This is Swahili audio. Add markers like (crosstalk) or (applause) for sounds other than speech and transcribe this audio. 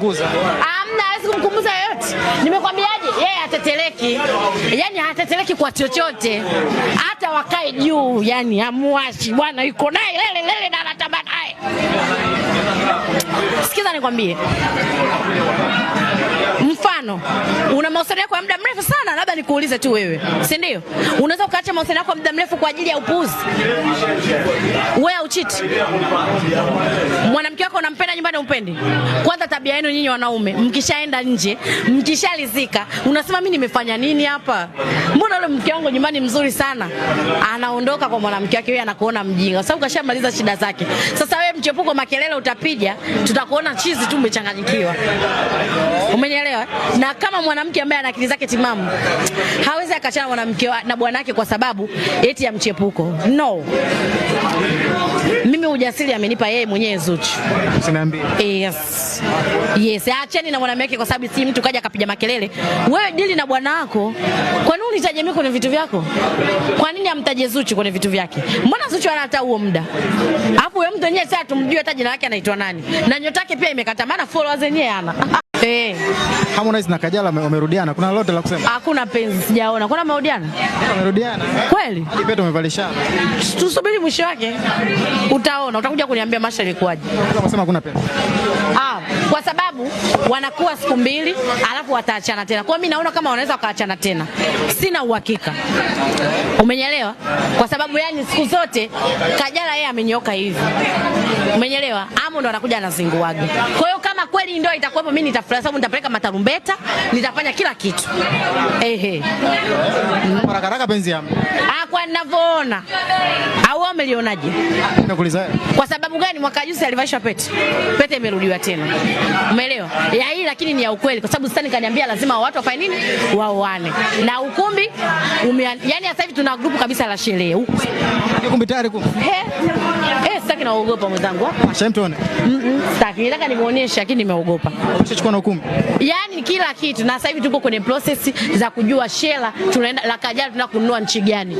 Amna hawezi kumkumbuza yoyote. Nimekwambiaje? Yeye hateteleki, yani hateteleki kwa chochote, hata wakae juu, yani amuachi bwana, yuko naye lele lele na anatamba naye. Sikiza nikwambie mfano una mahusiano yako ya muda mrefu sana, labda nikuulize tu wewe, si ndio? Unaweza ukaacha mahusiano yako ya muda mrefu kwa ajili ya upuuzi? Wewe uchiti kupenda nyumbani upendi? Kwanza tabia yenu nyinyi wanaume, mkishaenda nje, mkishalizika, unasema mimi nimefanya nini hapa? Mbona yule mke wangu nyumbani mzuri sana? Anaondoka kwa mwanamke wake, yeye anakuona mjinga, sababu kashamaliza shida zake. Sasa wewe mchepuko, makelele utapiga, tutakuona chizi tu umechanganyikiwa. Umenielewa? Eh? Na kama mwanamke ambaye ana akili zake timamu hawezi akachana mwanamke na bwana kwa sababu eti ya mchepuko. No. Mimi ujasiri amenipa yeye mwenyewe Zuchu. Yes. Yes. Acheni na mwanamke kwa sababu si mtu kaja akapiga makelele. Wewe dili na bwana wako. Kwa nini unitaje mimi kwenye vitu vyako? Kwa nini amtaje Zuchu kwenye vitu vyake? Mbona Zuchu ana hata huo muda? Alafu wewe mtu mwenyewe sasa tumjue hata jina lake anaitwa nani? Na nyota yake pia imekata maana followers wenyewe ana (laughs) Eh. Harmonize na Kajala wamerudiana. Kuna lolote la kusema? Hakuna penzi sijaona. Kuna maudiana? Wamerudiana. Kweli? Kipeto pete umevalishana. Tusubiri mwisho wake. Utaona, utakuja kuniambia Masha ilikuwaje. Unasema kuna penzi. Ah, kwa sababu wanakuwa siku mbili alafu wataachana tena. Kwa mimi naona kama wanaweza wakaachana tena. Sina uhakika. Umenyelewa? Kwa sababu yani siku zote Kajala yeye amenyoka hivi. Umenyelewa? Amo ndo anakuja anazinguaga. Kwa hiyo kweli ndio itakuwepo, mimi nitafurahi sababu nitapeleka matarumbeta, nitafanya kila kitu. Ehe, haraka haraka penzi yangu. Ah, kwa ninavyoona. Au umelionaje? Nakuuliza. Kwa sababu gani mwaka juzi alivaishwa pete? Pete imerudiwa tena. Umeelewa? lakini ni ya ukweli, kwa sababu Stan kaniambia lazima watu wafanye nini, waoane na ukumbi ume, yani sasa hivi tuna grupu kabisa la sherehe huko ukumbi tayari ku eh, sitaki naogopa mwenzangu hapo Shenton mm sitaki nataka nimuoneshe, lakini nimeogopa. Ushachukua na ukumbi, yani kila kitu, na sasa hivi tuko kwenye process za kujua shela tunaenda la kajali tunakununua nchi gani.